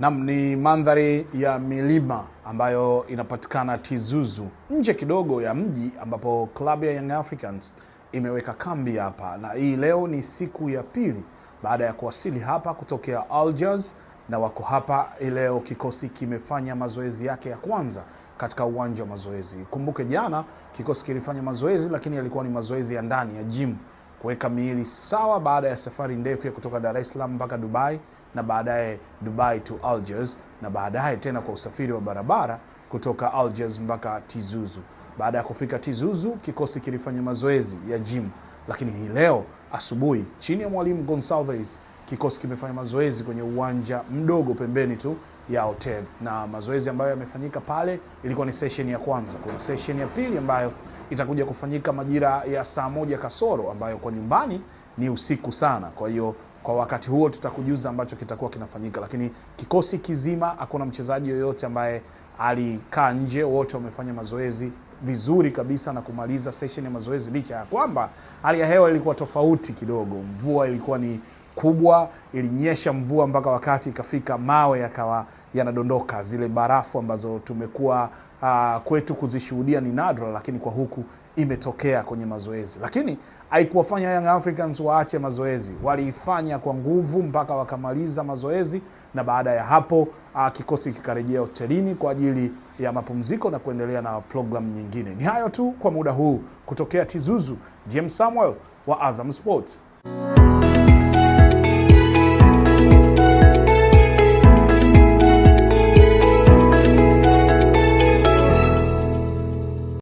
nam ni mandhari ya milima ambayo inapatikana Tizuzu nje kidogo ya mji ambapo klabu ya Young Africans imeweka kambi hapa, na hii leo ni siku ya pili baada ya kuwasili hapa kutokea Algiers, na wako hapa leo. Kikosi kimefanya mazoezi yake ya kwanza katika uwanja wa mazoezi. Kumbuke jana kikosi kilifanya mazoezi, lakini yalikuwa ni mazoezi ya ndani ya gym kuweka miili sawa baada ya safari ndefu ya kutoka Dar es Salaam mpaka Dubai na baadaye Dubai to Algiers na baadaye tena kwa usafiri wa barabara kutoka Algiers mpaka Tizuzu. Baada ya kufika Tizuzu, kikosi kilifanya mazoezi ya gym, lakini hii leo asubuhi chini ya mwalimu Gonsalves, kikosi kimefanya mazoezi kwenye uwanja mdogo pembeni tu ya hotel na mazoezi ambayo yamefanyika pale ilikuwa ni session ya kwanza. Kuna session ya pili ambayo itakuja kufanyika majira ya saa moja kasoro ambayo kwa nyumbani ni usiku sana, kwa hiyo kwa wakati huo tutakujuza ambacho kitakuwa kinafanyika, lakini kikosi kizima, hakuna mchezaji yoyote ambaye alikaa nje, wote wamefanya mazoezi vizuri kabisa na kumaliza session ya mazoezi, licha ya kwamba hali ya hewa ilikuwa tofauti kidogo, mvua ilikuwa ni kubwa, ilinyesha mvua mpaka wakati ikafika mawe yakawa yanadondoka, zile barafu ambazo tumekuwa uh, kwetu kuzishuhudia ni nadra, lakini kwa huku imetokea kwenye mazoezi, lakini haikuwafanya Young Africans waache mazoezi. Waliifanya kwa nguvu mpaka wakamaliza mazoezi, na baada ya hapo uh, kikosi kikarejea hotelini kwa ajili ya mapumziko na kuendelea na programu nyingine. Ni hayo tu kwa muda huu, kutokea Tizuzu, James Samuel wa Azam Sports.